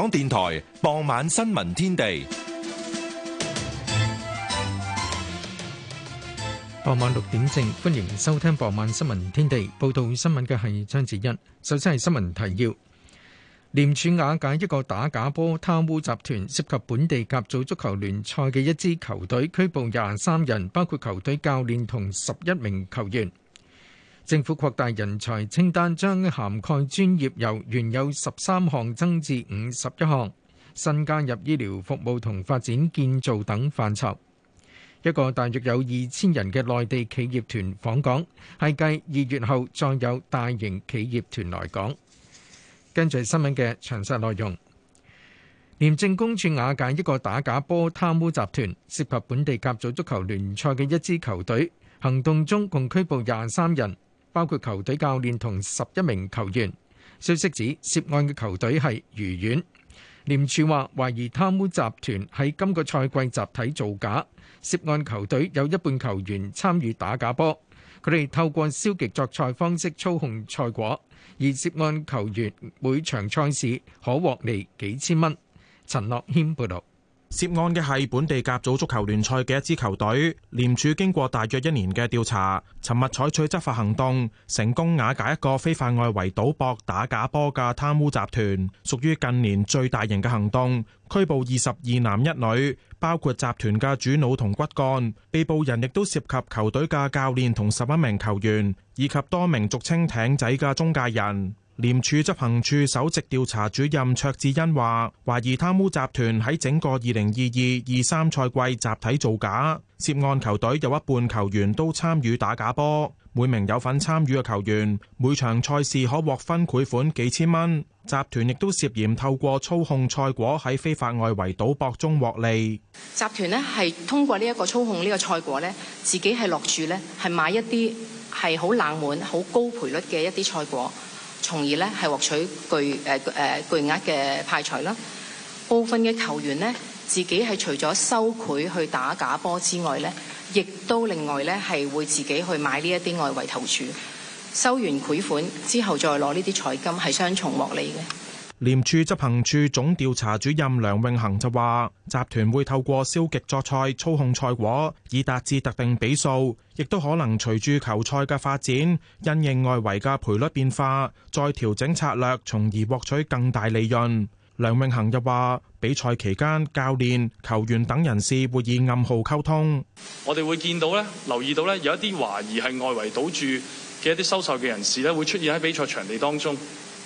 港電台傍晚新聞天地，傍晚六點正，歡迎收聽傍晚新聞天地。報道新聞嘅係張子欣。首先係新聞提要：廉署瓦解一個打假波貪污集團，涉及本地甲組足球聯賽嘅一支球隊，拘捕廿三人，包括球隊教練同十一名球員。政府擴大人才清單，將涵蓋專業由原有十三項增至五十一項，新加入醫療服務同發展建造等範疇。一個大約有二千人嘅內地企業團訪港，係繼二月後再有大型企業團來港。跟住新聞嘅詳細內容，廉政公署瓦解一個打假波貪污集團，涉及本地甲組足球聯賽嘅一支球隊，行動中共拘捕廿三人。包括球隊教練同十一名球員，消息指涉案嘅球隊係愉園。廉署話懷疑貪污集團喺今個賽季集體造假，涉案球隊有一半球員參與打假波。佢哋透過消極作賽方式操控賽果，而涉案球員每場賽事可獲利幾千蚊。陳樂謙報道。涉案嘅係本地甲組足球聯賽嘅一支球隊，廉署經過大約一年嘅調查，尋日採取執法行動，成功瓦解一個非法外圍賭博打假波嘅貪污集團，屬於近年最大型嘅行動。拘捕二十二男一女，包括集團嘅主腦同骨幹，被捕人亦都涉及球隊嘅教練同十一名球員，以及多名俗稱艇仔嘅中介人。廉署執行處首席調查主任卓志恩話，懷疑貪污集團喺整個二零二二二三賽季集體造假，涉案球隊有一半球員都參與打假波，每名有份參與嘅球員每場賽事可獲分賄款幾千蚊。集團亦都涉嫌透過操控賽果喺非法外圍賭博中獲利。集團呢係通過呢一個操控呢個賽果呢，自己係落注呢係買一啲係好冷門、好高賠率嘅一啲賽果。從而咧係獲取巨誒誒巨額嘅派彩啦。部分嘅球員呢，自己係除咗收賄去打假波之外，呢亦都另外呢係會自己去買呢一啲外圍投注，收完賄款之後再攞呢啲彩金，係雙重獲利嘅。廉署執行處總調查主任梁永恒就話：集團會透過消極作賽操控賽果，以達至特定比數；亦都可能隨住球賽嘅發展，因應外圍嘅賠率變化，再調整策略，從而獲取更大利潤。梁永恒又話：比賽期間，教練、球員等人士會以暗號溝通。我哋會見到咧，留意到咧，有一啲懷疑係外圍賭注嘅一啲收受嘅人士咧，會出現喺比賽場地當中。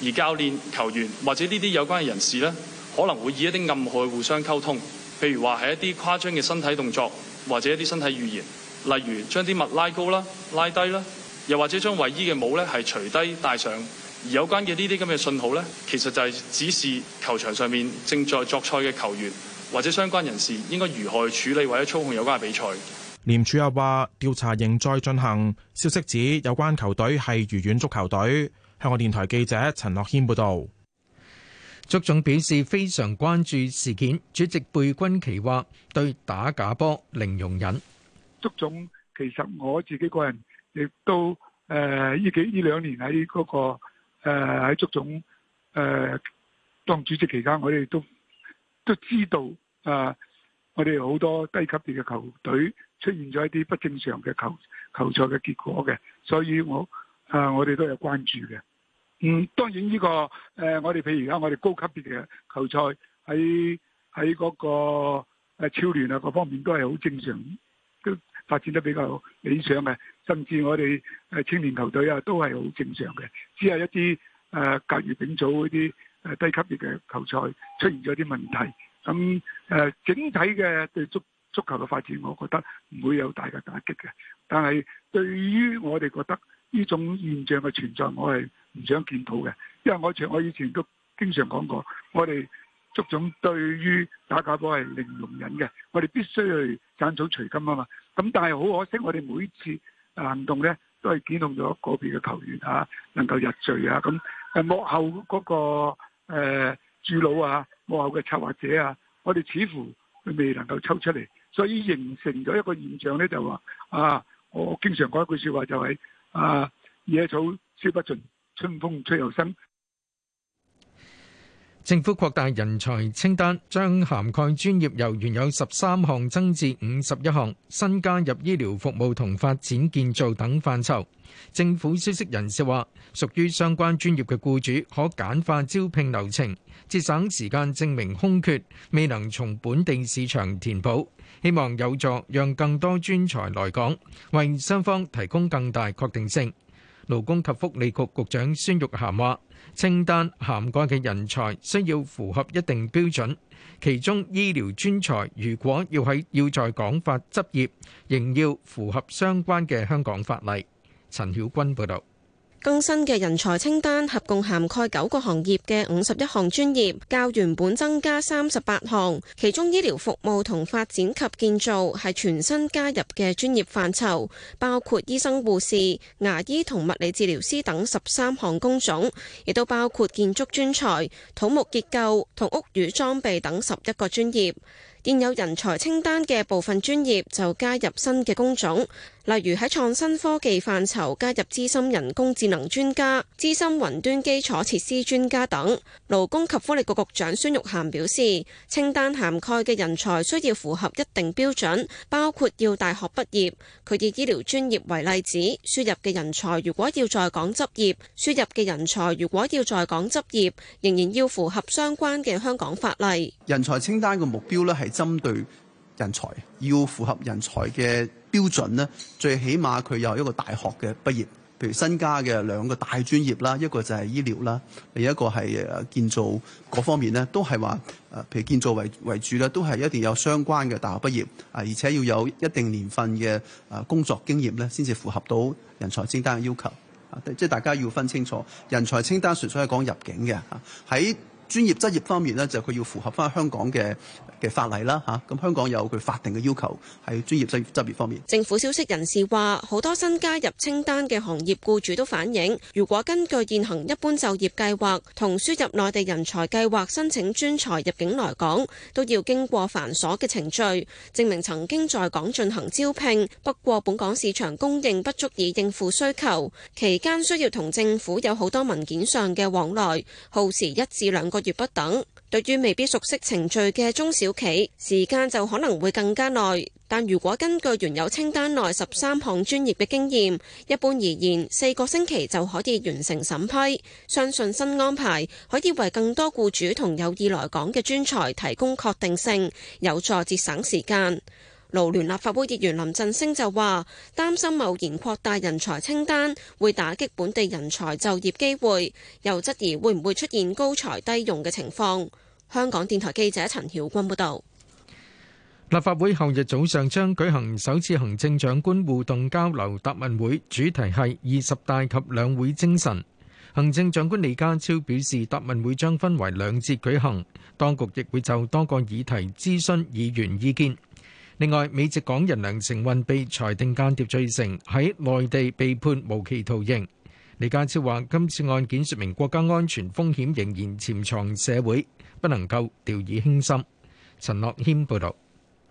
而教練球員或者呢啲有關嘅人士咧，可能會以一啲暗號互相溝通，譬如話，係一啲誇張嘅身體動作，或者一啲身體語言，例如將啲襪拉高啦、拉低啦，又或者將衛衣嘅帽咧係除低戴上。而有關嘅呢啲咁嘅信號咧，其實就係指示球場上面正在作賽嘅球員或者相關人士應該如何處理或者操控有關嘅比賽。廉署又話調查仍在進行，消息指有關球隊係愉園足球隊。香港電台記者陳樂謙報道，足總表示非常關注事件。主席貝君奇話，對打假波零容忍。足總，其實我自己個人亦都誒，呢幾呢兩年喺嗰個誒喺足總誒當主席期間，我哋都都知道誒，我哋好多低級別嘅球隊出現咗一啲不正常嘅球球賽嘅結果嘅，所以我誒我哋都有關注嘅。嗯，當然呢、這個誒、呃，我哋譬如而家我哋高級別嘅球賽喺喺嗰個超聯啊，各方面都係好正常，都發展得比較理想嘅。甚至我哋誒青年球隊啊，都係好正常嘅。只係一啲誒、呃、隔乙丙組嗰啲誒低級別嘅球賽出現咗啲問題。咁誒、呃，整體嘅對足足球嘅發展，我覺得唔會有大嘅打擊嘅。但係對於我哋覺得呢種現象嘅存在，我係。唔想見到嘅，因為我前我以前都經常講過，我哋足總對於打假波係零容忍嘅，我哋必須去斬草除根啊嘛。咁但係好可惜，我哋每次行動呢都係檢控咗嗰邊嘅球員啊，能夠入罪啊。咁誒幕後嗰個誒主腦啊，幕後嘅、那個呃啊、策劃者啊，我哋似乎佢未能夠抽出嚟，所以形成咗一個現象呢，就話啊，我經常講一句說話就係、是、啊，野草燒不盡。春風吹又生。政府擴大人才清單，將涵蓋專業由原有十三項增至五十一項，新加入醫療服務同發展建造等範疇。政府消息人士話，屬於相關專業嘅雇主可簡化招聘流程，節省時間證明空缺未能從本地市場填補，希望有助讓更多專才來港，為雙方提供更大確定性。勞工及福利局局長孫玉菡話：清單涵蓋嘅人才需要符合一定標準，其中醫療專才如果要喺要在港法執業，仍要符合相關嘅香港法例。陳曉君報道。更新嘅人才清單合共涵蓋九個行業嘅五十一項專業，較原本增加三十八項，其中醫療服務同發展及建造係全新加入嘅專業範疇，包括醫生、護士、牙醫同物理治療師等十三項工種，亦都包括建築專才、土木結構同屋宇裝備等十一個專業。現有人才清單的部分專業就加入新的工種，例如在創新科技範疇，加入資深人工智能專家，資深雲端基礎設施專家等。勞工及福利局局長孫玉菡表示，清單涵蓋的人才需要符合一定標準，包括要大學畢業，佢以醫療專業為例子，輸入的人才如果要在港執業，輸入的人才如果要在港執業，仍然要符合相關的香港法例。人才清單的目標呢，針對人才，要符合人才嘅標準呢，最起碼佢有一個大學嘅畢業，譬如新加嘅兩個大專業啦，一個就係醫療啦，另一個係建造嗰方面呢都係話誒，譬如建造為主咧，都係一定有相關嘅大學畢業啊，而且要有一定年份嘅工作經驗呢先至符合到人才清單嘅要求啊，即大家要分清楚人才清單純粹係講入境嘅喺。在專業執業方面呢，就佢要符合翻香港嘅嘅法例啦，吓咁香港有佢法定嘅要求喺專業執業執業方面。政府消息人士話，好多新加入清單嘅行業僱主都反映，如果根據現行一般就業計劃同輸入內地人才計劃申請專才入境來港，都要經過繁瑣嘅程序，證明曾經在港進行招聘。不過本港市場供應不足以應付需求，期間需要同政府有好多文件上嘅往來，耗時一至兩個月。月不等，對於未必熟悉程序嘅中小企，時間就可能會更加耐。但如果根據原有清單內十三項專業嘅經驗，一般而言，四個星期就可以完成審批。相信新安排可以為更多僱主同有意來港嘅專才提供確定性，有助節省時間。勞聯立法會議員林振升就話，擔心貿然擴大人才清單會打擊本地人才就業機會，又質疑會唔會出現高才低用嘅情況。香港電台記者陳曉君報道。立法會後日早上將舉行首次行政長官互動交流答問會，主題係二十大及兩會精神。行政長官李家超表示，答問會將分為兩節舉行，當局亦會就多個議題諮詢議員意見。另外，美籍港人梁成運被裁定間諜罪成，喺內地被判無期徒刑。李家超話：今次案件説明國家安全風險仍然潛藏社會，不能夠掉以輕心。陳樂軒報導，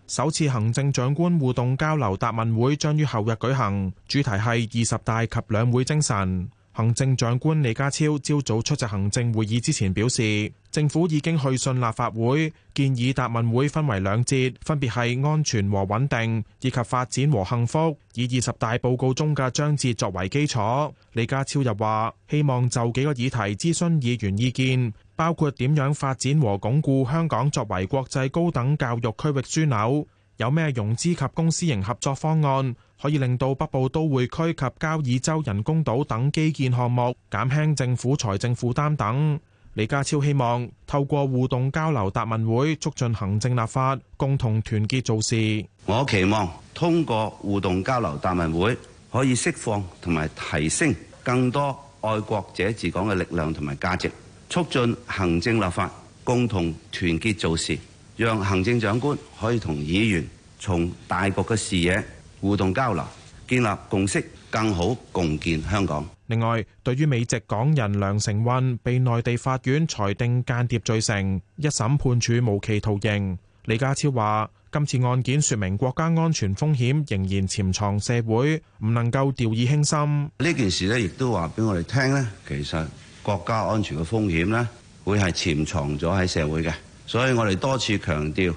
首次行政長官互動交流答問會將於後日舉行，主題係二十大及兩會精神。行政長官李家超朝早出席行政會議之前表示，政府已經去信立法會，建議答問會分為兩節，分別係安全和穩定，以及發展和幸福，以二十大報告中嘅章節作為基礎。李家超又話，希望就幾個議題諮詢議員意見，包括點樣發展和鞏固香港作為國際高等教育區域樞紐，有咩融資及公私營合作方案。可以令到北部都會區及交椅洲人工島等基建項目減輕政府財政負擔等。李家超希望透過互動交流答問會，促進行政立法，共同團結做事。我期望通過互動交流答問會，可以釋放同埋提升更多愛國者治港嘅力量同埋價值，促進行政立法，共同團結做事，讓行政長官可以同議員從大局嘅視野。互動交流，建立共識，更好共建香港。另外，對於美籍港人梁成運被內地法院裁定間諜罪成，一審判處無期徒刑，李家超話，今次案件說明國家安全風險仍然潛藏社會，唔能夠掉以輕心。呢件事呢，亦都話俾我哋聽呢，其實國家安全嘅風險呢，會係潛藏咗喺社會嘅，所以我哋多次強調，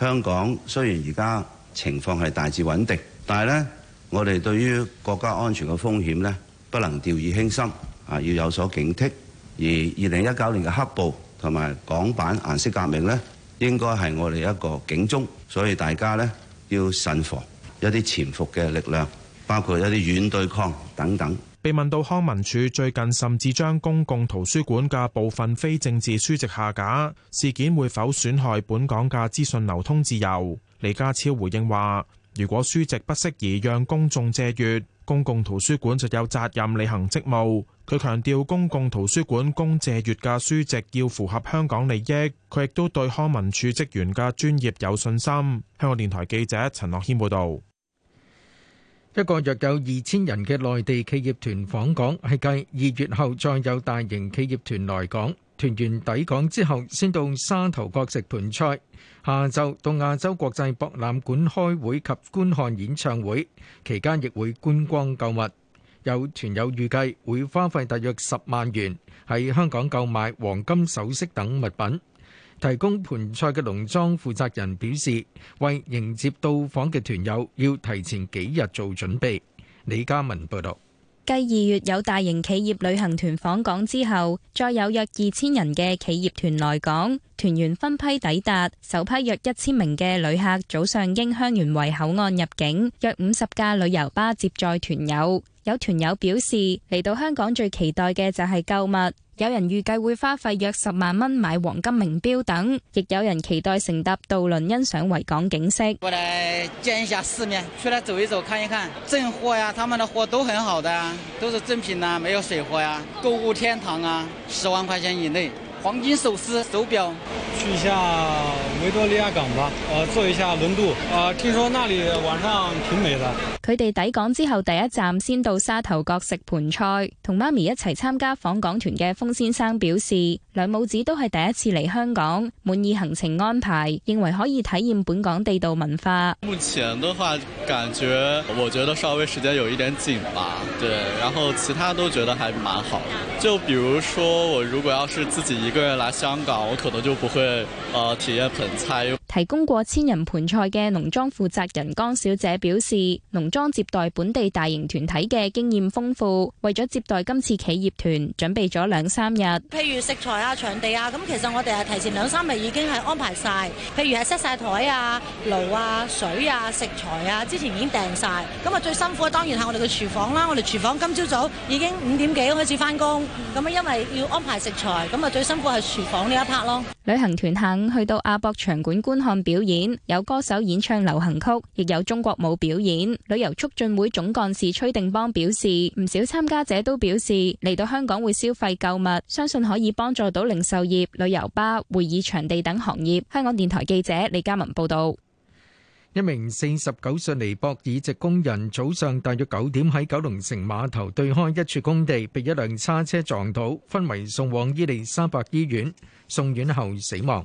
香港雖然而家情況係大致穩定。但係呢，我哋對於國家安全嘅風險呢，不能掉以輕心啊！要有所警惕。而二零一九年嘅黑暴同埋港版顏色革命呢，應該係我哋一個警鐘，所以大家呢，要慎防一啲潛伏嘅力量，包括一啲軟對抗等等。被問到康文署最近甚至將公共圖書館嘅部分非政治書籍下架，事件會否損害本港嘅資訊流通自由？李家超回應話。如果書籍不適宜讓公眾借閱，公共圖書館就有責任履行職務。佢強調，公共圖書館供借閱嘅書籍要符合香港利益。佢亦都對康文署職員嘅專業有信心。香港電台記者陳樂謙報導。一個約有二千人嘅內地企業團訪港，係繼二月後再有大型企業團來港。團員抵港之後，先到沙頭角食盆菜。下晝到亞洲國際博覽館開會及觀看演唱會，期間亦會觀光購物。有團友預計會花費大約十萬元，喺香港購買黃金首飾等物品。提供盆菜嘅農莊負責人表示，為迎接到訪嘅團友，要提前幾日做準備。李嘉文報道。繼二月有大型企業旅行團訪港之後，再有約二千人嘅企業團來港，團員分批抵達，首批約一千名嘅旅客早上經香園圍口岸入境，約五十架旅遊巴接載團友。有團友表示，嚟到香港最期待嘅就係購物。有人預計會花費約十萬蚊買黃金名錶等，亦有人期待乘搭渡輪欣賞維港景色。過來見一下市面，出來走一走看一看，正貨呀、啊，他們的貨都很好的，都是正品啊沒有水貨呀、啊，購物天堂啊，十萬塊錢以內。黃金首飾、手錶，去一下維多利亞港吧，呃，坐一下輪渡，呃，聽說那裡晚上挺美的。佢哋抵港之後第一站先到沙頭角食盆菜，同媽咪一齊參加訪港團嘅風先生表示，兩母子都係第一次嚟香港，滿意行程安排，認為可以體驗本港地道文化。目前的話，感覺我覺得稍微時間有一點緊吧，對，然後其他都覺得還蠻好，就比如說我如果要是自己。一個人來香港，我可能就不會呃體驗盆菜。提供過千人盆菜嘅農莊負責人江小姐表示，農莊接待本地大型團體嘅經驗豐富，為咗接待今次企業團，準備咗兩三日。譬如食材啊、場地啊，咁其實我哋係提前兩三日已經係安排晒，譬如係 set 晒台啊、爐啊、水啊、食材啊，之前已經訂晒。咁啊，最辛苦當然係我哋嘅廚房啦。我哋廚房今朝早，早已經五點幾開始翻工，咁啊，因為要安排食材，咁啊，最辛苦係廚房呢一 part 咯。旅行團下午去到亞博場館觀看表演，有歌手演唱流行曲，亦有中國舞表演。旅遊促進會總幹事崔定邦表示，唔少參加者都表示嚟到香港會消費購物，相信可以幫助到零售業、旅遊巴、會議場地等行業。香港電台記者李嘉文報道。一名四十九歲尼泊爾籍工人早上大約九點喺九龍城碼頭對開一處工地，被一輛叉車撞到，昏迷送往伊利沙伯醫院，送院後死亡。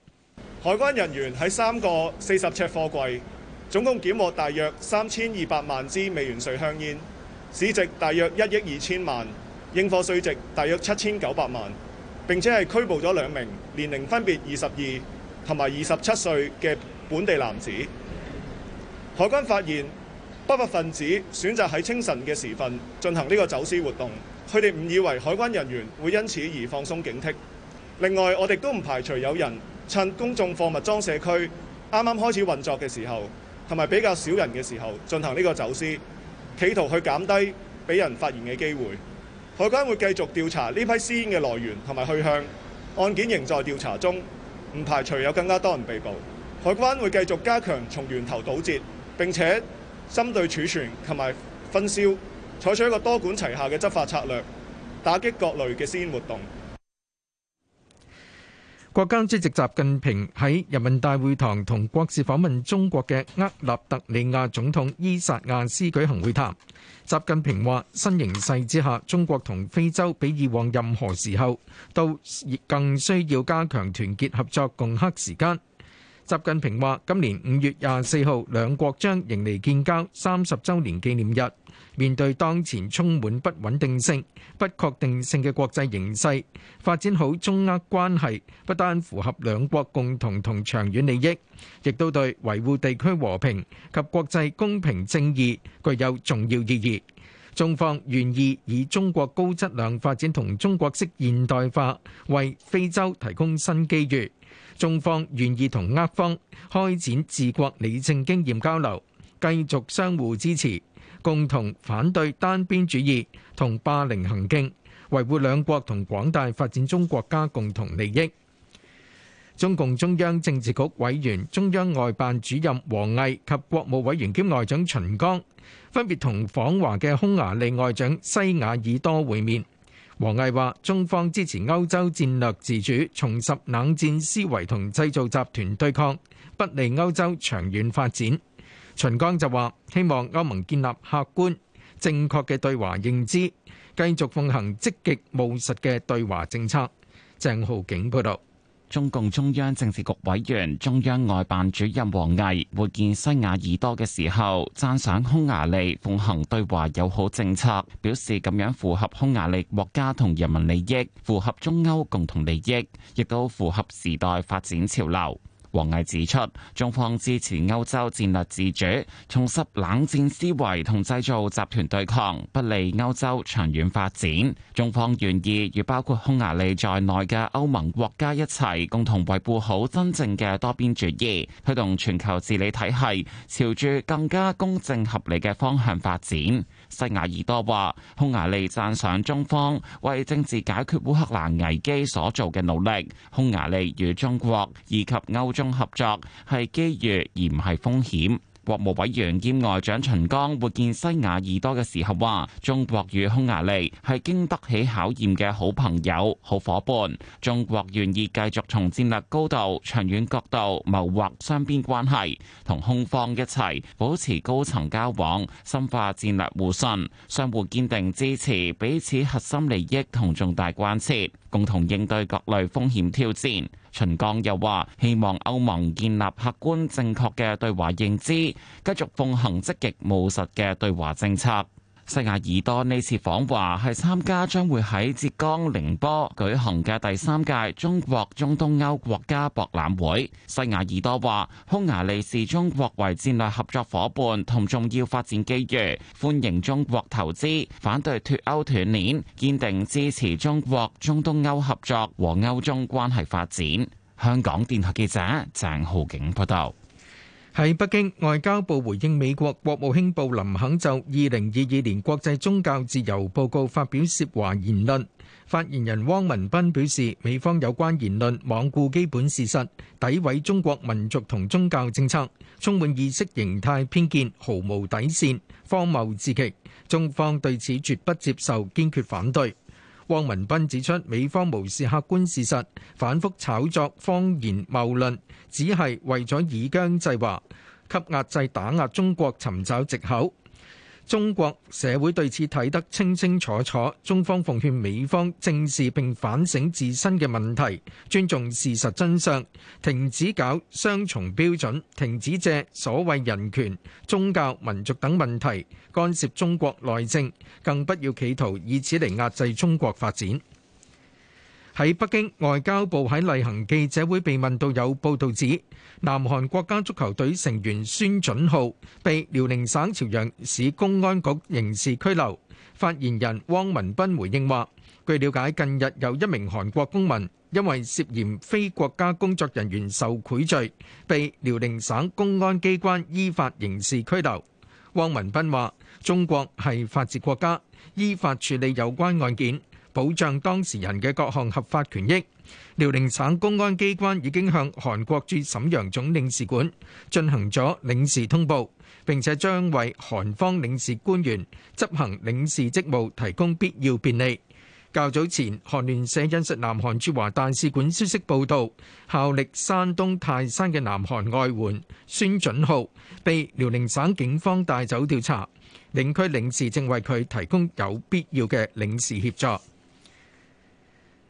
海關人員喺三個四十尺貨櫃總共檢獲大約三千二百萬支美元稅香煙，市值大約一億二千萬，應課稅值大約七千九百萬。並且係拘捕咗兩名年齡分別二十二同埋二十七歲嘅本地男子。海關發現不法分子選擇喺清晨嘅時分進行呢個走私活動，佢哋誤以為海關人員會因此而放鬆警惕。另外，我哋都唔排除有人，趁公眾貨物裝卸區啱啱開始運作嘅時候，同埋比較少人嘅時候進行呢個走私，企圖去減低俾人發現嘅機會。海關會繼續調查呢批私煙嘅來源同埋去向，案件仍在調查中，唔排除有更加多人被捕。海關會繼續加強從源頭堵截，並且針對儲存同埋分銷，採取一個多管齊下嘅執法策略，打擊各類嘅私煙活動。國家主席習近平喺人民大會堂同國事訪問中國嘅厄立特里亞總統伊薩亞斯舉行會談。習近平話：新形勢之下，中國同非洲比以往任何時候都更需要加強團結合作，共克時艱。習近平話：今年五月廿四號，兩國將迎嚟建交三十周年紀念日。面對當前充滿不穩定性、不確定性嘅國際形勢，發展好中厄關係，不單符合兩國共同同長遠利益，亦都對維護地區和平及國際公平正義具有重要意義。中方願意以中國高質量發展同中國式現代化為非洲提供新機遇。中方願意同厄方開展治國理政經驗交流，繼續相互支持。共同反對單邊主義同霸凌行徑，維護兩國同廣大發展中國家共同利益。中共中央政治局委員、中央外辦主任王毅及國務委員兼外長秦剛分別同訪華嘅匈牙利外長西雅爾多會面。王毅話：中方支持歐洲戰略自主，重拾冷戰思維同製造集團對抗，不利歐洲長遠發展。秦剛就話：希望歐盟建立客觀正確嘅對華認知，繼續奉行積極務實嘅對華政策。鄭浩景報道。中共中央政治局委員、中央外辦主任王毅會見西亞爾多嘅時候，讚賞匈牙利奉行對華友好政策，表示咁樣符合匈牙利國家同人民利益，符合中歐共同利益，亦都符合時代發展潮流。王毅指出，中方支持歐洲戰略自主，重拾冷戰思維同製造集團對抗，不利歐洲長遠發展。中方願意與包括匈牙利在內嘅歐盟國家一齊共同維護好真正嘅多邊主義，推動全球治理體系朝住更加公正合理嘅方向發展。西雅爾多話，匈牙利贊賞中方為政治解決烏克蘭危機所做嘅努力。匈牙利與中國以及歐中合作係機遇，而唔係風險。國務委員兼外長秦剛會見西雅爾多嘅時候話：中國與匈牙利係經得起考驗嘅好朋友、好夥伴。中國願意繼續從戰略高度、長遠角度謀劃雙邊關係，同匈方一齊保持高層交往，深化戰略互信，相互堅定支持彼此核心利益同重大關切，共同應對各類風險挑戰。秦剛又話，希望歐盟建立客觀正確嘅對華認知，繼續奉行積極務實嘅對華政策。西亞爾多呢次訪華係參加將會喺浙江寧波舉行嘅第三屆中國中東歐國家博覽會。西亞爾多話，匈牙利視中國為戰略合作夥伴同重要發展機遇，歡迎中國投資，反對脫歐斷鏈，堅定支持中國中東歐合作和歐中關係發展。香港電台記者鄭浩景報道。喺北京，外交部回應美國國務卿布林肯就二零二二年國際宗教自由報告發表涉華言論。發言人汪文斌表示，美方有關言論罔顧基本事實，詆毀中國民族同宗教政策，充滿意識形態偏見，毫無底線，荒謬至極。中方對此絕不接受，堅決反對。汪文斌指出，美方無視客觀事實，反覆炒作謊言謬論。只係為咗以疆制華，給壓制打壓中國尋找藉口。中國社會對此睇得清清楚楚。中方奉勸美方正視並反省自身嘅問題，尊重事實真相，停止搞雙重標準，停止借所謂人權、宗教、民族等問題干涉中國內政，更不要企圖以此嚟壓制中國發展。喺北京外交部喺例行記者會被問到有報導指南韓國家足球隊成員孫準浩被遼寧省朝陽市公安局刑事拘留，發言人汪文斌回應話：據瞭解，近日有一名韓國公民因為涉嫌非國家工作人員受賄罪，被遼寧省公安機關依法刑事拘留。汪文斌話：中國係法治國家，依法處理有關案件。保障當事人嘅各項合法權益。遼寧省公安機關已經向韓國駐沈陽總領事館進行咗領事通報，並且將為韓方領事官員執行領事職務提供必要便利。較早前，韓聯社引述南韓駐華大使館消息報道，效力山東泰山嘅南韓外援孫準浩被遼寧省警方帶走調查，領區領事正為佢提供有必要嘅領事協助。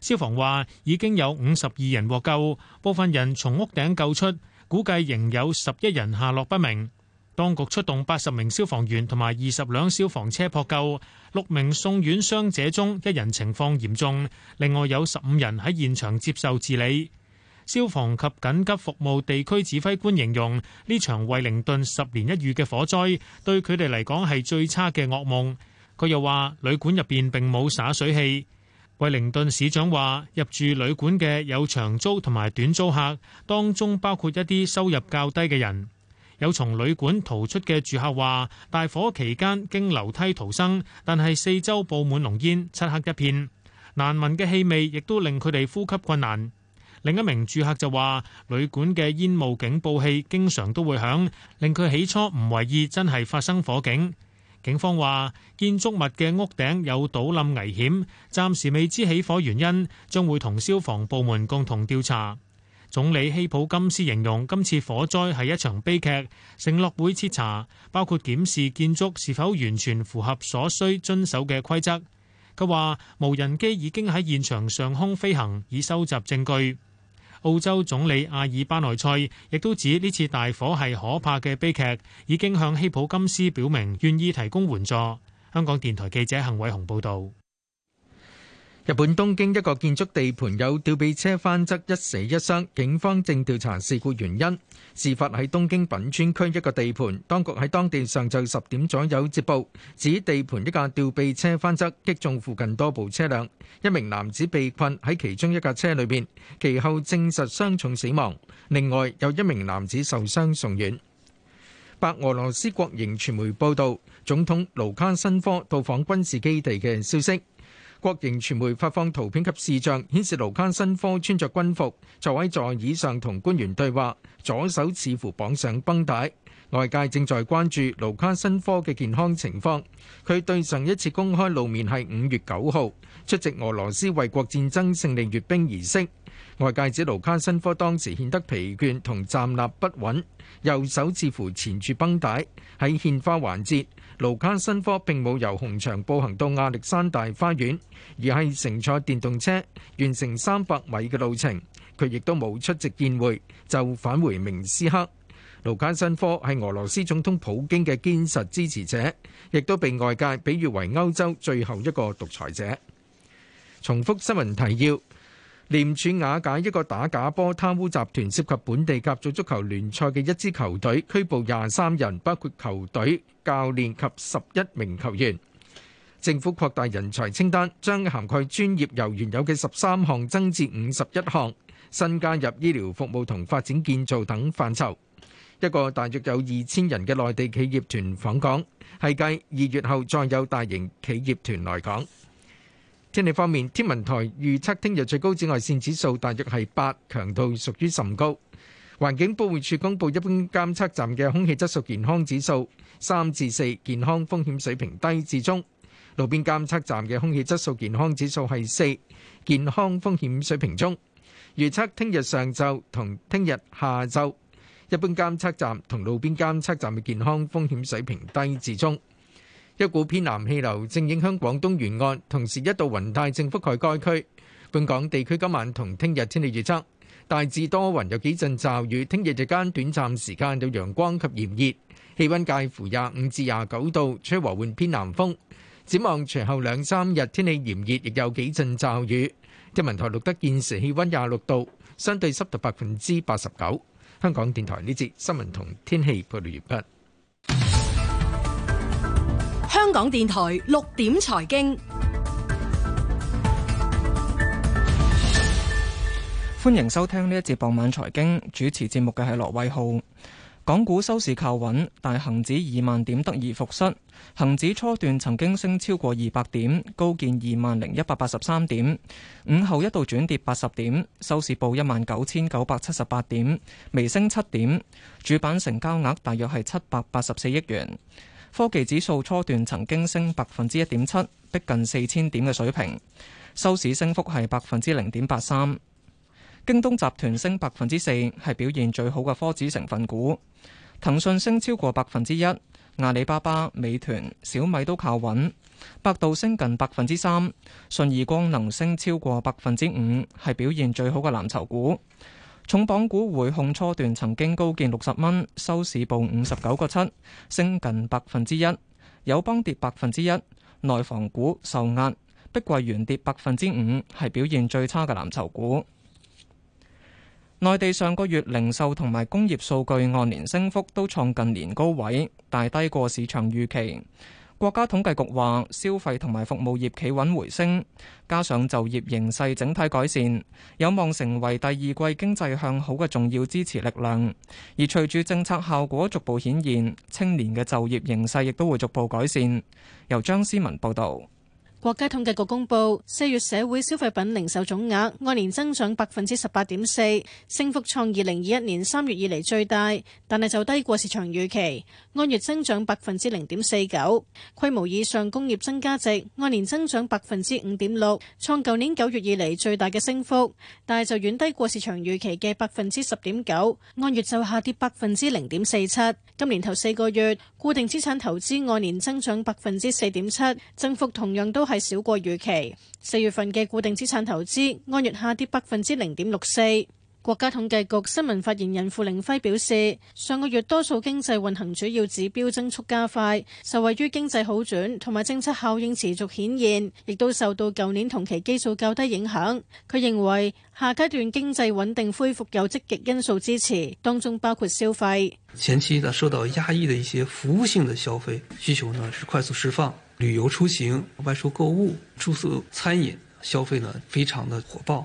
消防話已經有五十二人獲救，部分人從屋頂救出，估計仍有十一人下落不明。當局出動八十名消防員同埋二十輛消防車撲救，六名送院傷者中一人情況嚴重，另外有十五人喺現場接受治理。消防及緊急服務地區指揮官形容呢場惠靈頓十年一遇嘅火災對佢哋嚟講係最差嘅噩夢。佢又話：旅館入邊並冇灑水器。惠靈頓市長話：入住旅館嘅有長租同埋短租客，當中包括一啲收入較低嘅人。有從旅館逃出嘅住客話：大火期間經樓梯逃生，但係四周布滿濃煙，漆黑一片，難聞嘅氣味亦都令佢哋呼吸困難。另一名住客就話：旅館嘅煙霧警報器經常都會響，令佢起初唔為意真係發生火警。警方話：建築物嘅屋頂有倒冧危險，暫時未知起火原因，將會同消防部門共同調查。總理希普金斯形容今次火災係一場悲劇，承諾會徹查，包括檢視建築是否完全符合所需遵守嘅規則。佢話：無人機已經喺現場上空飛行，已收集證據。澳洲總理阿爾巴內塞亦都指呢次大火係可怕嘅悲劇，已經向希普金斯表明願意提供援助。香港電台記者幸偉雄報道。日本東京一個建築地盤有吊臂車翻側，一死一傷，警方正調查事故原因。事發喺東京品川區一個地盤，當局喺當地上晝十點左右接報，指地盤一架吊臂車翻側擊中附近多部車輛，一名男子被困喺其中一架車裏面，其後證實傷重死亡。另外有一名男子受傷送院。白俄羅斯國營傳媒報導總統盧卡申科到訪軍事基地嘅消息。國營傳媒發放圖片及視像，顯示盧卡申科穿着軍服，坐喺座椅上同官員對話，左手似乎綁上繃帶。外界正在關注盧卡申科嘅健康情況。佢對上一次公開露面係五月九號，出席俄羅斯衛國戰爭勝利閱兵儀式。外界指盧卡申科當時顯得疲倦同站立不穩，右手似乎纏住繃帶，喺獻花環節。盧卡申科並冇由紅場步行到亞歷山大花園，而係乘坐電動車完成三百米嘅路程。佢亦都冇出席宴會，就返回明斯克。盧卡申科係俄羅斯總統普京嘅堅實支持者，亦都被外界比喻為歐洲最後一個獨裁者。重複新聞提要。廉署瓦解一個打假波貪污集團，涉及本地甲組足球聯賽嘅一支球隊，拘捕廿三人，包括球隊教練及十一名球員。政府擴大人才清單，將涵蓋專業由原有嘅十三項增至五十一項，新加入醫療服務同發展建造等範疇。一個大約有二千人嘅內地企業團訪港，係計二月後再有大型企業團來港。天氣方面，天文台預測聽日最高紫外線指數大約係八，強度屬於甚高。環境保護署公布一般監測站嘅空氣質素健康指數三至四，健康風險水平低至中；路邊監測站嘅空氣質素健康指數係四，健康風險水平中。預測聽日上晝同聽日下晝，一般監測站同路邊監測站嘅健康風險水平低至中。一股偏南氣流正影響廣東沿岸，同時一道雲帶正覆蓋該區。本港地區今晚同聽日天氣預測，大致多雲有幾陣驟雨。聽日日間短暫時間有陽光及炎熱，氣温介乎廿五至廿九度，吹和緩偏南風。展望隨後兩三日天氣炎熱，亦有幾陣驟雨。天文台錄得現時氣温廿六度，相對濕度百分之八十九。香港電台呢節新聞同天氣報道完畢。港電台六點財經，歡迎收聽呢一節傍晚財經，主持節目嘅係羅偉浩。港股收市靠穩，但恒指二萬點得而復失。恒指初段曾經升超過二百點，高見二萬零一百八十三點。午後一度轉跌八十點，收市報一萬九千九百七十八點，微升七點。主板成交額大約係七百八十四億元。科技指數初段曾經升百分之一點七，逼近四千點嘅水平，收市升幅係百分之零點八三。京東集團升百分之四，係表現最好嘅科指成分股。騰訊升超過百分之一，阿里巴巴、美團、小米都靠穩，百度升近百分之三，信義光能升超過百分之五，係表現最好嘅藍籌股。重磅股匯控初段，曾經高見六十蚊，收市報五十九個七，升近百分之一。友邦跌百分之一，內房股受壓，碧桂園跌百分之五，係表現最差嘅藍籌股。內地上個月零售同埋工業數據按年升幅都創近年高位，但低過市場預期。國家統計局話，消費同埋服務業企穩回升，加上就業形勢整體改善，有望成為第二季經濟向好嘅重要支持力量。而隨住政策效果逐步顯現，青年嘅就業形勢亦都會逐步改善。由張思文報道。國家統計局公布，四月社會消費品零售總額按年增長百分之十八點四，升幅創二零二一年三月以嚟最大，但係就低過市場預期，按月增長百分之零點四九。規模以上工業增加值按年增長百分之五點六，創舊年九月以嚟最大嘅升幅，但係就遠低過市場預期嘅百分之十點九，按月就下跌百分之零點四七。今年頭四個月。固定資產投資按年增長百分之四點七，增幅同樣都係少過預期。四月份嘅固定資產投資按月下跌百分之零點六四。國家統計局新聞發言人付凌暉表示，上個月多數經濟運行主要指標增速加快，受惠於經濟好轉同埋政策效應持續顯現，亦都受到舊年同期基數較低影響。佢認為下階段經濟穩定恢復有積極因素支持，當中包括消費。前期呢受到壓抑的一些服務性的消費需求呢是快速釋放，旅遊出行、外出購物、住宿、餐飲消費呢非常的火爆。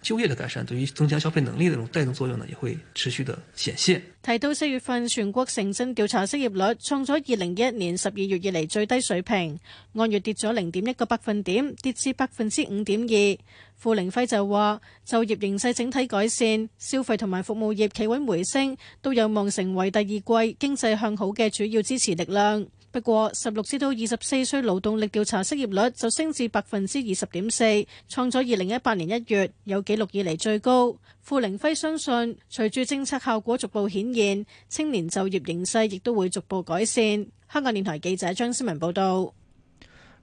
就業嘅改善對於增加消費能力的這種帶動作用呢，也會持續的顯現。提到四月份全國城鎮調查失業率創咗二零一一年十二月以嚟最低水平，按月跌咗零點一個百分點，跌至百分之五點二。傅凌輝就話，就業形勢整體改善，消費同埋服務業企穩回升，都有望成為第二季經濟向好嘅主要支持力量。不過，十六至到二十四歲勞動力調查失業率就升至百分之二十點四，創咗二零一八年一月有紀錄以嚟最高。傅凌輝相信，隨住政策效果逐步顯現，青年就業形勢亦都會逐步改善。香港電台記者張思文報道。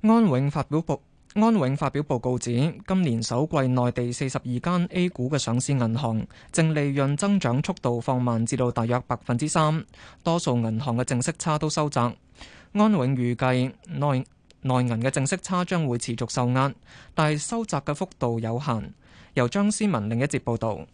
安永發表報安永發表報告指，今年首季內地四十二間 A 股嘅上市銀行淨利潤增長速度放慢，至到大約百分之三，多數銀行嘅淨息差都收窄。安永預計內內銀嘅淨息差將會持續受壓，但係收窄嘅幅度有限。由張思文另一節報道。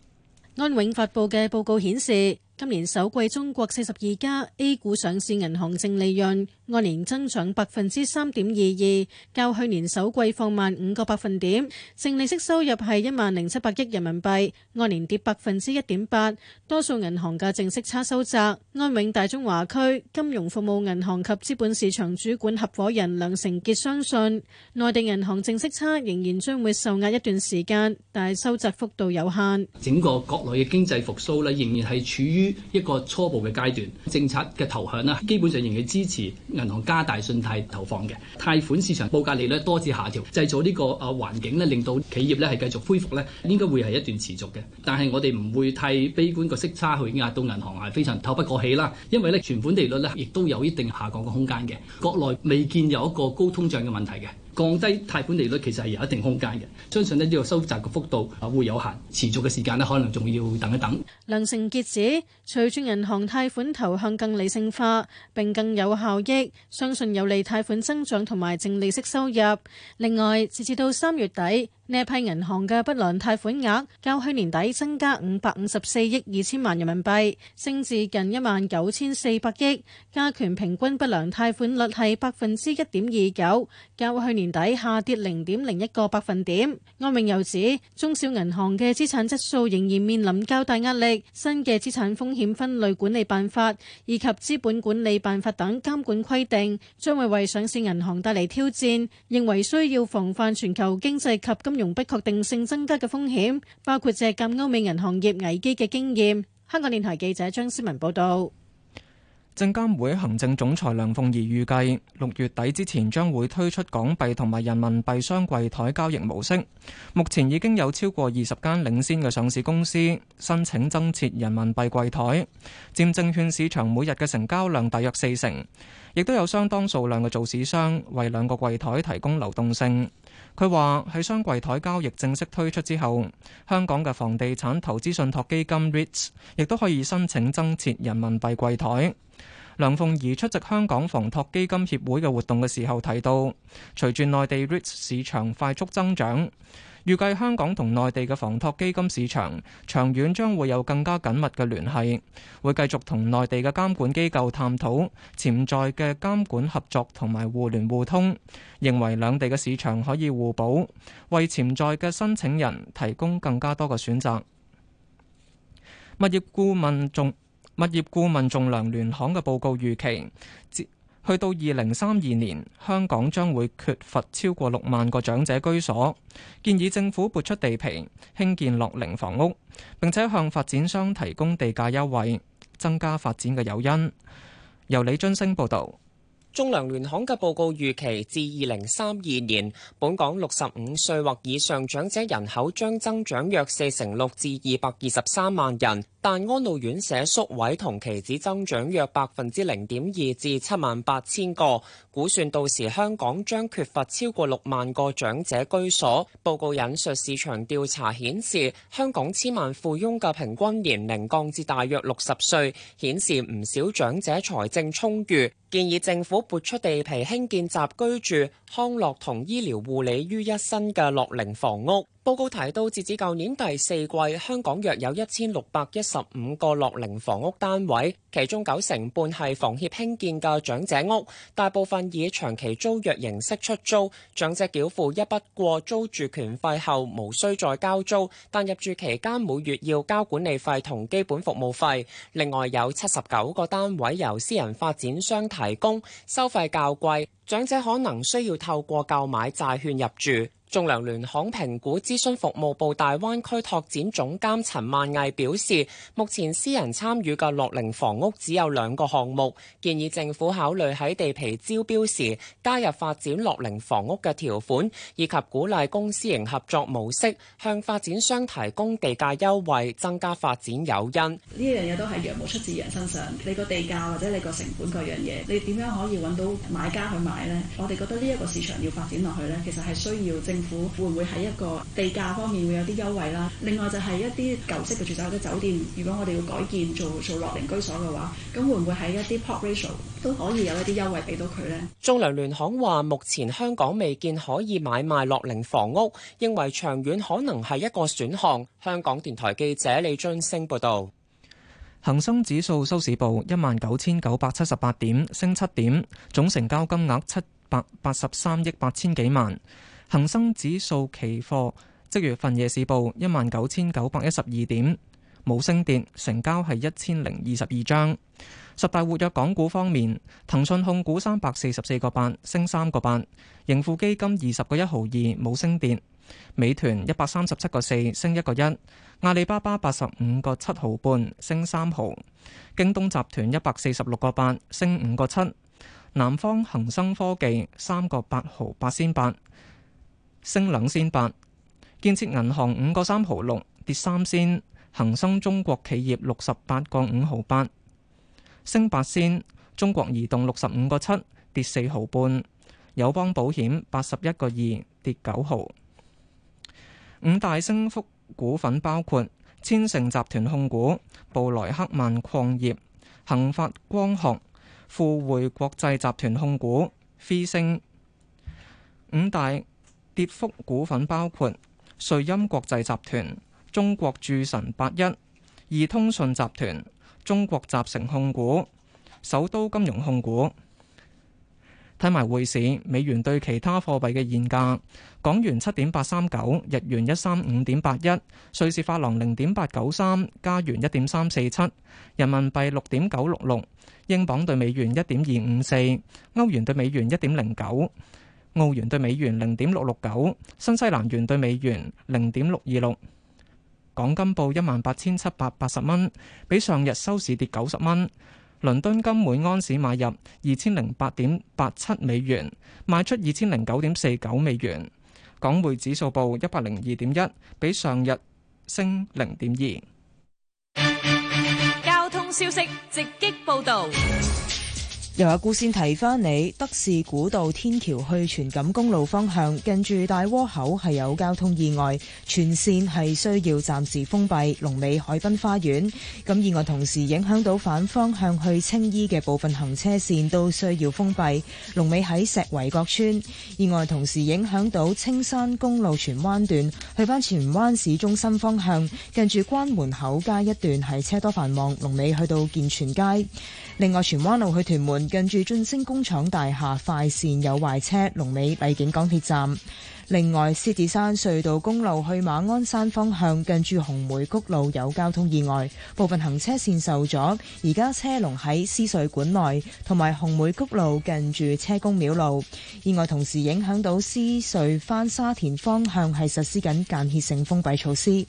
安永發布嘅報告顯示。今年首季中國四十二家 A 股上市銀行淨利潤按年增長百分之三點二二，較去年首季放慢五個百分點。淨利息收入係一萬零七百億人民幣，按年跌百分之一點八。多數銀行嘅淨息差收窄。安永大中華區金融服務銀行及資本市場主管合夥人梁成杰相信，內地銀行淨息差仍然將會受壓一段時間，但係收窄幅度有限。整個國內嘅經濟復甦咧，仍然係處於一個初步嘅階段，政策嘅投向啦，基本上仍然支持銀行加大信貸投放嘅，貸款市場報價利率多次下調，製造呢個啊環境令到企業咧係繼續恢復咧，應該會係一段持續嘅。但係我哋唔會太悲觀，個息差去壓到銀行係非常透不過氣啦，因為咧存款利率咧亦都有一定下降嘅空間嘅，國內未見有一個高通脹嘅問題嘅。降低貸款利率其實係有一定空間嘅，相信咧呢個收窄嘅幅度會有限，持續嘅時間咧可能仲要等一等。梁成傑指，隨住銀行貸款投向更理性化並更有效益，相信有利貸款增長同埋淨利息收入。另外，截至到三月底，呢一批銀行嘅不良貸款額較去年底增加五百五十四億二千萬人民幣，升至近一萬九千四百億，加權平均不良貸款率係百分之一點二九，較去年底下跌零點零一個百分點。安永又指中小銀行嘅資產質素仍然面臨較，較大壓力，新嘅資產風險分類管理辦法以及資本管理辦法等監管規定將會為上市銀行帶嚟挑戰，認為需要防範全球經濟及金融。用不確定性增加嘅風險，包括借鑒歐美銀行業危機嘅經驗。香港電台記者張思文報道，證監會行政總裁梁鳳儀預計六月底之前將會推出港幣同埋人民幣雙櫃台交易模式。目前已經有超過二十間領先嘅上市公司申請增設人民幣櫃台，佔證券市場每日嘅成交量大約四成，亦都有相當數量嘅做市商為兩個櫃台提供流動性。佢話：喺雙櫃台交易正式推出之後，香港嘅房地產投資信託基金 REITs 亦都可以申請增設人民幣櫃台。梁鳳儀出席香港房託基金協會嘅活動嘅時候提到，隨住內地 REIT 市場快速增長，預計香港同內地嘅房託基金市場長遠將會有更加緊密嘅聯繫，會繼續同內地嘅監管機構探討潛在嘅監管合作同埋互聯互通，認為兩地嘅市場可以互補，為潛在嘅申請人提供更加多嘅選擇。物業顧問仲。物業顧問仲量聯行嘅報告預期，去到二零三二年，香港將會缺乏超過六萬個長者居所，建議政府撥出地皮興建樂齡房屋，並且向發展商提供地價優惠，增加發展嘅誘因。由李津升報道，仲量聯行嘅報告預期至二零三二年，本港六十五歲或以上長者人口將增長約四成六至二百二十三萬人。但安老院舍宿位同期只增長約百分之零點二至七萬八千個，估算到時香港將缺乏超過六萬個長者居所。報告引述市場調查顯示，香港千萬富翁嘅平均年齡降至大約六十歲，顯示唔少長者財政充裕，建議政府撥出地皮興建集居住、康樂同醫療護理於一身嘅樂齡房屋。報告提到，截至舊年第四季，香港約有一千六百一十五個落零房屋單位。其中九成半係房協興建嘅長者屋，大部分以長期租約形式出租，長者繳付一筆過租住權費後，無需再交租，但入住期間每月要交管理費同基本服務費。另外有七十九個單位由私人發展商提供，收費較貴，長者可能需要透過購買債券入住。仲量聯行評估諮詢服務部大灣區拓展總監陳萬毅表示，目前私人參與嘅樂齡房房屋只有兩個項目，建議政府考慮喺地皮招標時加入發展樂齡房屋嘅條款，以及鼓勵公私營合作模式，向發展商提供地價優惠，增加發展誘因。呢一樣嘢都係羊毛出自羊身上，你個地價或者你個成本各樣嘢，你點樣可以揾到買家去買咧？我哋覺得呢一個市場要發展落去咧，其實係需要政府會唔會喺一個地價方面會有啲優惠啦？另外就係一啲舊式嘅住宅或者酒店，如果我哋要改建做做樂齡居所嘅，咁會唔會喺一啲 pop ratio 都可以有一啲優惠俾到佢呢？仲量聯行話：目前香港未見可以買賣落零房屋，認為長遠可能係一個選項。香港電台記者李俊升報導。恒生指數收市報一萬九千九百七十八點，升七點，總成交金額七百八十三億八千幾萬。恒生指數期貨即月份夜市報一萬九千九百一十二點。冇升跌，成交係一千零二十二張。十大活躍港股方面，騰訊控股三百四十四個八升三個八，盈富基金二十個一毫二冇升跌，美團一百三十七個四升一個一，1. 阿里巴巴八十五個七毫半升三毫，京東集團一百四十六個八升五個七，南方恒生科技三個八毫八仙八升兩仙八，建設銀行五個三毫六跌三仙。恆生中國企業六十八個五毫八，升八仙；中國移動六十五個七，跌四毫半；友邦保險八十一個二，跌九毫。五大升幅股份包括千盛集團控股、布萊克曼礦業、恆發光學、富匯國際集團控股、飛升。五大跌幅股份包括瑞音國際集團。中國駐神八一，而通訊集團、中國集成控股、首都金融控股。睇埋匯市，美元對其他貨幣嘅現價：港元七點八三九，日元一三五點八一，瑞士法郎零點八九三，加元一點三四七，人民幣六點九六六，英鎊兌美元一點二五四，歐元兌美元一點零九，澳元兌美元零點六六九，新西蘭元兌美元零點六二六。港金報一萬八千七百八十蚊，比上日收市跌九十蚊。倫敦金每安士買入二千零八點八七美元，賣出二千零九點四九美元。港匯指數報一百零二點一，比上日升零點二。交通消息，直擊報導。又故先提翻你，德士古道天橋去荃錦公路方向，近住大窩口係有交通意外，全線係需要暫時封閉龍尾海濱花園。咁意外同時影響到反方向去青衣嘅部分行車線都需要封閉龍尾喺石圍角村。意外同時影響到青山公路荃灣段去翻荃灣市中心方向，近住關門口街一段係車多繁忙，龍尾去到健全街。另外荃灣路去屯門。近住晉升工廠大廈快線有壞車，龍尾麗景港鐵站。另外，獅子山隧道公路去馬鞍山方向，近住紅梅谷路有交通意外，部分行車線受阻，而家車龍喺獅隧管內，同埋紅梅谷路近住車公廟路意外，同時影響到獅隧翻沙田方向係實施緊間歇性封閉措施。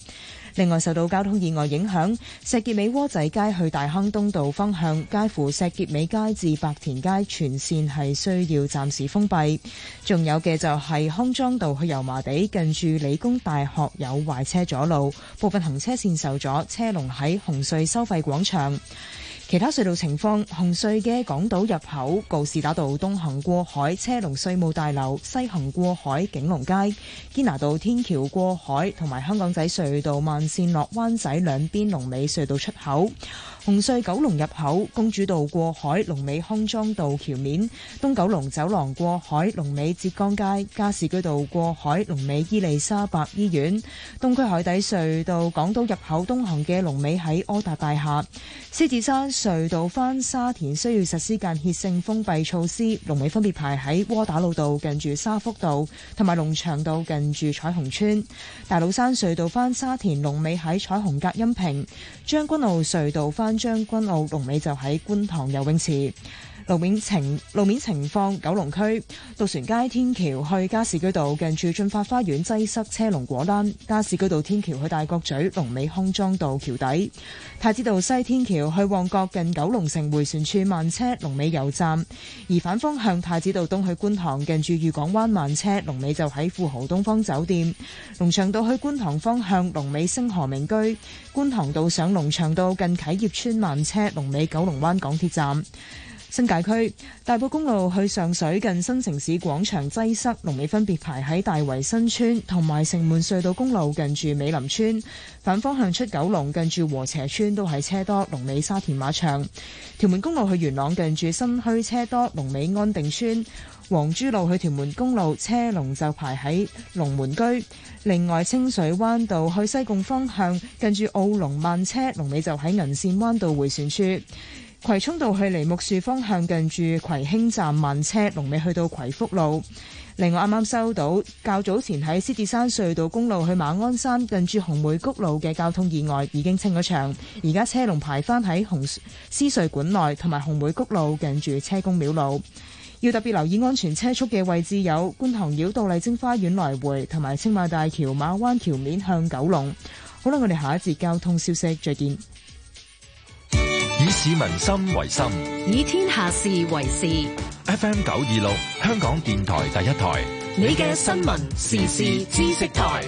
另外，受到交通意外影響，石硤尾窩仔街去大坑東道方向，介乎石硤尾街至白田街，全線係需要暫時封閉。仲有嘅就係康莊道去油麻地近住理工大學有壞車阻路，部分行車線受阻，車龍喺紅隧收費廣場。其他隧道情況：紅隧嘅港島入口告士打道東行過海車龍，稅務大樓西行過海景龍街、堅拿道天橋過海，同埋香港仔隧道慢線落灣仔兩邊龍尾隧道出口。紅隧九龍入口、公主道過海、龍尾康莊道橋面、東九龍走廊過海、龍尾浙江街、加士居道過海、龍尾伊利沙白醫院、東區海底隧道港島入口東行嘅龍尾喺柯達大廈、獅子山隧道翻沙田需要實施間歇性封閉措施，龍尾分別排喺窩打老道近住沙福道，同埋龍翔道近住彩虹村、大老山隧道翻沙田龍尾喺彩虹隔音屏、將軍澳隧道翻。將軍澳龍尾就喺觀塘游泳池。路面情路面情況，九龍區渡船街天橋去加士居道近住進發花園擠塞，車龍果欄。加士居道天橋去大角咀龍尾空莊道橋底，太子道西天橋去旺角近九龍城迴旋處慢車龍尾油站。而反方向太子道東去觀塘近住譽港灣慢車龍尾就喺富豪東方酒店。龍翔道去觀塘方向龍尾星河名居。觀塘道上龍翔道近啟業村慢車龍尾九龍灣港鐵站。新界區大埔公路去上水近新城市廣場擠塞，龍尾分別排喺大圍新村同埋城門隧道公路近住美林村。反方向出九龍近住禾輋村都係車多，龍尾沙田馬場。屯門公路去元朗近住新墟車多，龍尾安定村。皇珠路去屯門公路車龍就排喺龍門居。另外清水灣道去西貢方向近住澳龍慢車，龍尾就喺銀線灣道迴旋處。葵涌道去梨木樹方向近住葵興站慢車，龍尾去到葵福路。另外啱啱收到較早前喺獅子山隧道公路去馬鞍山近住紅梅谷路嘅交通意外已經清咗場，而家車龍排返喺紅獅隧管內同埋紅梅谷路近住車公廟路。要特別留意安全車速嘅位置有觀塘繞道麗晶花園來回同埋青馬大橋馬灣橋面向九龍。好啦，我哋下一節交通消息，再見。以市民心為心，以天下事為事。FM 九二六，香港電台第一台。你嘅新聞時事知識台。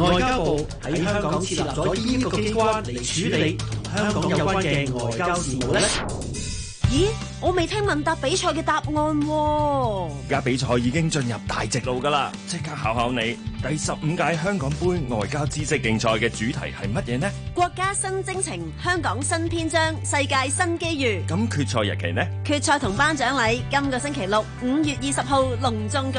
外交部喺香港設立咗邊個機關嚟處理同香港有關嘅外交事務咧？咦，我未聽問答比賽嘅答案喎。而家比賽已經進入大直路噶啦，即刻考考你。第十五屆香港杯外交知識競賽嘅主題係乜嘢呢？國家新征程，香港新篇章，世界新機遇。咁決賽日期呢？決賽同頒獎禮，今個星期六，五月二十號，隆重舉行。